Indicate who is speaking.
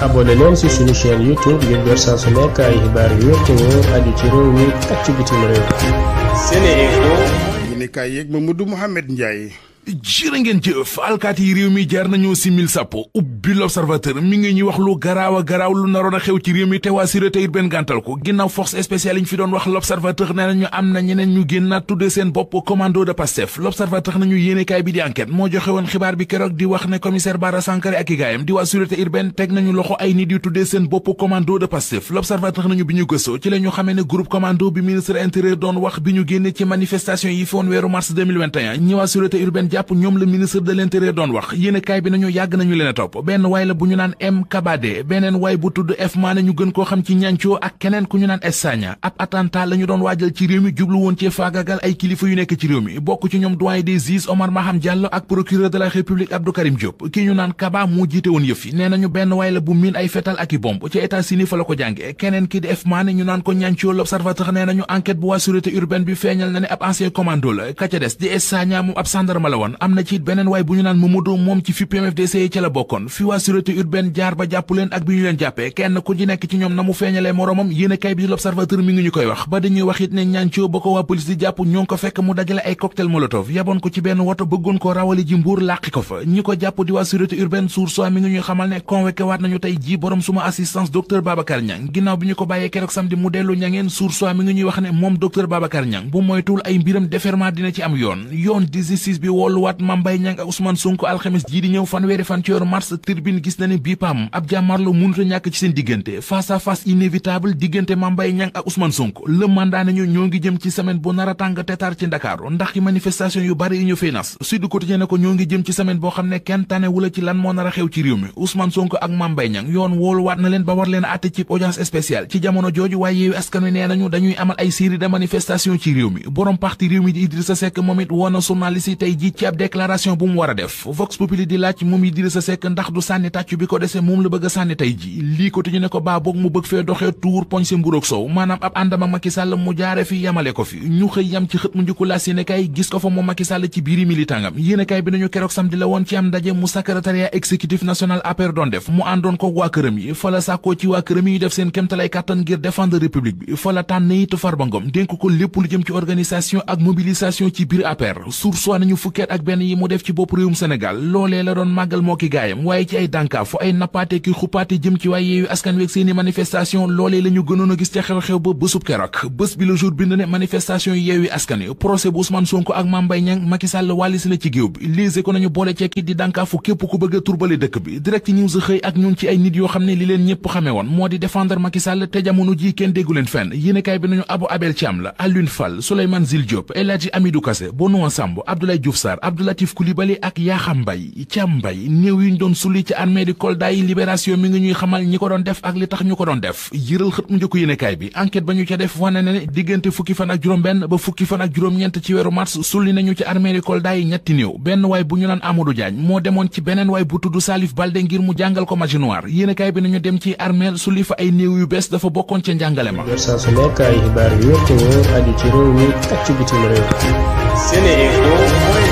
Speaker 1: abonné leen ci suñu chaîne YouTube ngir jot saa su nekk xibaar yu wér te aju ci réew mi ak ci bitim réew. Sénéinfo. yéen a kaay yeeg Mamadou Mouhamed Ndiaye. jërë ngeen jëf alkaati yi réew mi jaar nañoo simil sàppo ubbi l'observateur mi ngi ñuy wax lu garaaw garaaw lu naroon a xew ci réew mi te waa sûreté urbaine gàntal ko ginnaaw force spéciale fi doon wax l'observateur nee nañu am na ñeneen ñu génnaat tudde seen bopp commando de Pastef l'observateur nañu yéenekaay bi di enquête moo joxe woon xibaar bi keroog di wax ne commissaire Bara Sankaré ak i gaayam di waa sûreté urbaine teg nañu loxo ay nit yu tuddee jàpp ñoom la ministre de l'intérieur doon wax yéenekaay bi nañu yàgg nañu leen a topp benn waay bu ñu naan M Kabade beneen waay bu tudd F ñu gën koo xam ci ñancoo ak keneen ku ñu naan S Sagna ab attentat la doon waajal ci réew mi jublu woon cee faagagal ay kilifa yu nekk ci réew mi bokk ci ñoom doyen des juges Omar Maham Diallo ak procureur de la République Abdou Karim Diop ki ñu naan Kaba moo jiite woon yëf nee nañu benn waay bu miin ay fetal i bomb ca états bokkoon am na ci it beneen waay bu ñu naan Mamadou moom ci fi PMFDC yi ca la bokkoon fi waa urbaine jaar ba jàpp leen ak bi ñu leen jàppee kenn ku ci nekk ci ñoom na mu feeñalee moroomam yéen kay bi l'observateur mi ngi ñu koy wax ba dañuy wax it ne ñaancoo ba ko waa police di jàpp ñoo ko fekk mu dajale ay cocktail molotov yaboon ko ci benn woto bëggoon ko rawali ji mbuur làqi ko fa ñi ko jàpp di waa urbaine sour soi mi ngi ñuy xamal wooluwaat Mame Mbaye Niang ak Ousmane Sonko alxames jii di ñëw fanweeri fan ci yoru mars gis na ni bii pam ab jàmmarloo mënuta ñàkk ci seen diggante face à face diggante Mame Mbaye Niang ak Ousmane Sonko le ñoo ngi jëm ci semaine bu nar a tàng tetaar ci Ndakaaru ndax i manifestation yu bari yu ñu fiy nas Sud Quotidien ne ko ñoo ngi jëm ci semaine boo xam ne kenn tanewula ci lan moo nar a xew ci réew mi Ousmane Sonko ak Mame Mbaye yoon wooluwaat ci ab déclaration bu mu war a def Vox Populi di laaj moom Idrissa Seck ndax du sànni tàccu bi ko dese moom la bëgg a sànni tey ji lii ko ñu ne ko baa mu bëgg fee doxee tuur poñ si mburoog sow maanaam ab àndama Macky Sall mu jaare fi yamale ko fi ñu xëy yam ci xët mu njëkku laas gis ko fa moom Macky Sall ci biiri militangam yéene bi nañu keroog samedi la woon ci am ndaje mu secrétariat exécutif national APR doon def biir APR source fanweer ak benn yi mu def ci bopp réewum Sénégal loolee la doon màggal moo ki gaayam waaye ci ay dànkaa ay nappaate ki xuppaate jëm ci waay yeewu askan weeg seeni manifestation loolee la ñu gënoon a gis ca xew-xew ba bésub keroog bés bi la jour bind ne manifestation yi yeewu askan wi procès bu Ousmane Sonko ak Mame Mbaye Niang Macky Sall wàllis la ci géew bi liise ko nañu boole ceekit di dànkaa fu képp ku bëgg a turbale dëkk bi direct news xëy ak ñun ci ay nit yoo xam ne li leen ñëpp xame woon moo di défendre Macky Sall te jamono ji kenn leen fenn yéenekaay bi nañu Abou Abel Thiam la Alioune Fall Souleymane Jules Diop El Sarr Abdoulatif Coulibaly ak Yakham Mbaye Thiam mbay néew yuñ doon suli ci armée di Kolda yi libération mi ngi ñuy xamal ñi ko doon def ak li tax ñu ko doon def yëral xët mu njëkk yéenekaay bi enquête ba ñu ca def wane na ne fukki fan ak juróom-benn ba fukki fan ak juróom-ñeent ci weeru mars sulli nañu ci armée di Kolda yi ñetti néew benn waay bu ñu naan Amadou Diagne moo demoon ci beneen waay bu tudd Salif Balde ngir mu jàngal ko magie noire yéenekaay bi nañu dem ci armée sulli fa ay néew yu bees dafa bokkoon ca njàngale ma Seneinfo